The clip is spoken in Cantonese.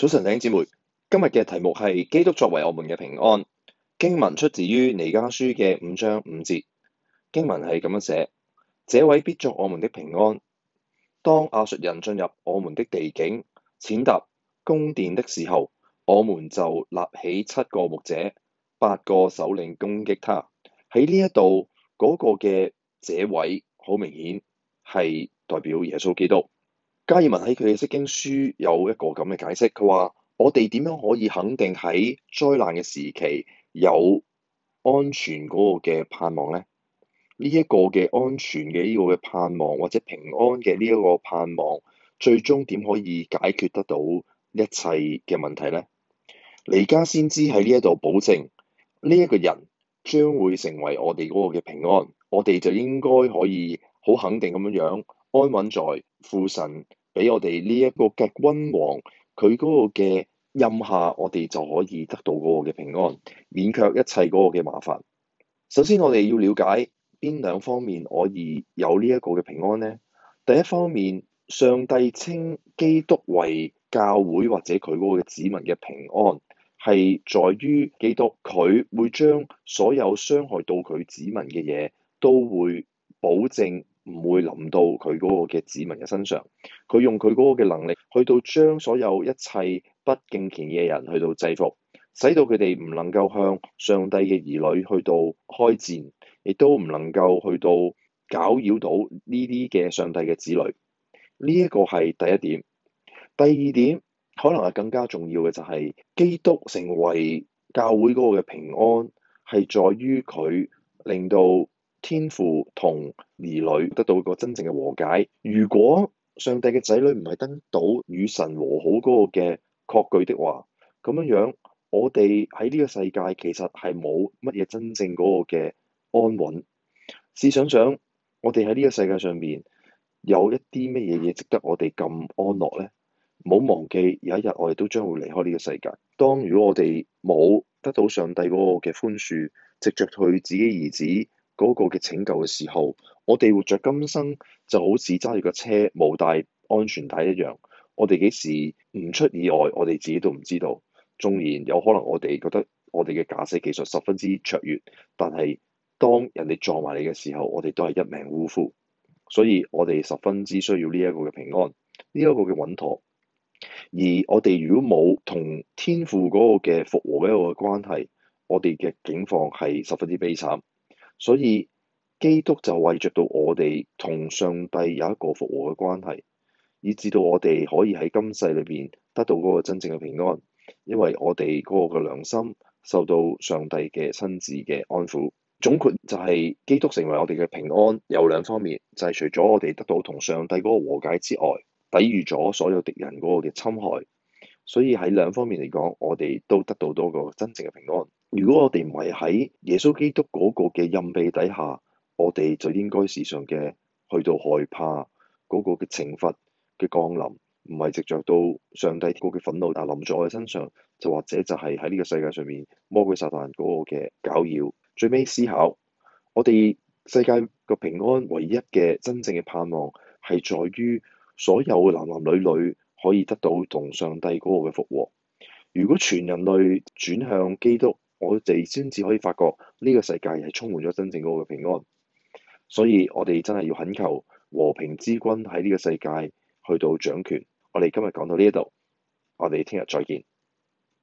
早晨，弟兄姊妹，今日嘅題目係基督作為我們嘅平安經文，出自於彌迦書嘅五章五節。經文係咁樣寫：這位必作我們的平安。當亞述人進入我們的地境、踐踏宮殿的時候，我們就立起七個牧者、八個首領攻擊他。喺呢一度，嗰個嘅這位好明顯係代表耶穌基督。加爾文喺佢嘅《釋經書》有一個咁嘅解釋，佢話：我哋點樣可以肯定喺災難嘅時期有安全嗰個嘅盼望呢？呢一個嘅安全嘅呢個嘅盼望，或者平安嘅呢一個盼望，最終點可以解決得到一切嘅問題呢？」「嚟家先知喺呢一度保證，呢一個人將會成為我哋嗰個嘅平安，我哋就應該可以好肯定咁樣安穩在父神。俾我哋呢一個嘅君王，佢嗰個嘅陰下，我哋就可以得到嗰個嘅平安，免卻一切嗰個嘅麻煩。首先，我哋要了解邊兩方面，可以有呢一個嘅平安呢？第一方面，上帝稱基督為教會或者佢嗰個嘅子民嘅平安，係在於基督佢會將所有傷害到佢子民嘅嘢，都會保證。會臨到佢嗰個嘅子民嘅身上，佢用佢嗰個嘅能力去到將所有一切不敬虔嘅人去到制服，使到佢哋唔能夠向上帝嘅兒女去到開戰，亦都唔能夠去到攪擾到呢啲嘅上帝嘅子女。呢一個係第一點。第二點可能係更加重要嘅就係、是、基督成為教會嗰個嘅平安，係在於佢令到。天父同兒女得到個真正嘅和解。如果上帝嘅仔女唔係得到與神和好嗰個嘅確據的話，咁樣樣我哋喺呢個世界其實係冇乜嘢真正嗰個嘅安穩。試想想我哋喺呢個世界上面有一啲乜嘢嘢值得我哋咁安樂呢？唔好忘記有一日我哋都將會離開呢個世界。當如果我哋冇得到上帝嗰個嘅寬恕，藉著佢自己兒子嗰個嘅拯救嘅時候，我哋活著今生就好似揸住個車冇帶安全帶一樣。我哋幾時唔出意外，我哋自己都唔知道。縱然有可能我哋覺得我哋嘅駕駛技術十分之卓越，但係當人哋撞埋你嘅時候，我哋都係一命嗚呼。所以我哋十分之需要呢一個嘅平安，呢、這、一個嘅穩妥。而我哋如果冇同天父嗰個嘅復和嘅一個關係，我哋嘅境況係十分之悲慘。所以基督就為着到我哋同上帝有一個復和嘅關係，以至到我哋可以喺今世裏邊得到嗰個真正嘅平安，因為我哋嗰個嘅良心受到上帝嘅親自嘅安撫。總括就係、是、基督成為我哋嘅平安，有兩方面，就係、是、除咗我哋得到同上帝嗰個和解之外，抵御咗所有敵人嗰個嘅侵害。所以喺兩方面嚟講，我哋都得到多個真正嘅平安。如果我哋唔係喺耶穌基督嗰個嘅蔭庇底下，我哋就應該時常嘅去到害怕嗰個嘅懲罰嘅降臨，唔係直着到上帝嗰嘅憤怒但臨在我哋身上，就或者就係喺呢個世界上面魔鬼撒旦嗰個嘅攪擾。最尾，思考，我哋世界個平安唯一嘅真正嘅盼望係在於所有男男女女。可以得到同上帝嗰個嘅復和，如果全人類轉向基督，我哋先至可以發覺呢個世界係充滿咗真正嘅平安。所以我哋真係要懇求和平之君喺呢個世界去到掌權，我哋今日講到呢一度，我哋聽日再見。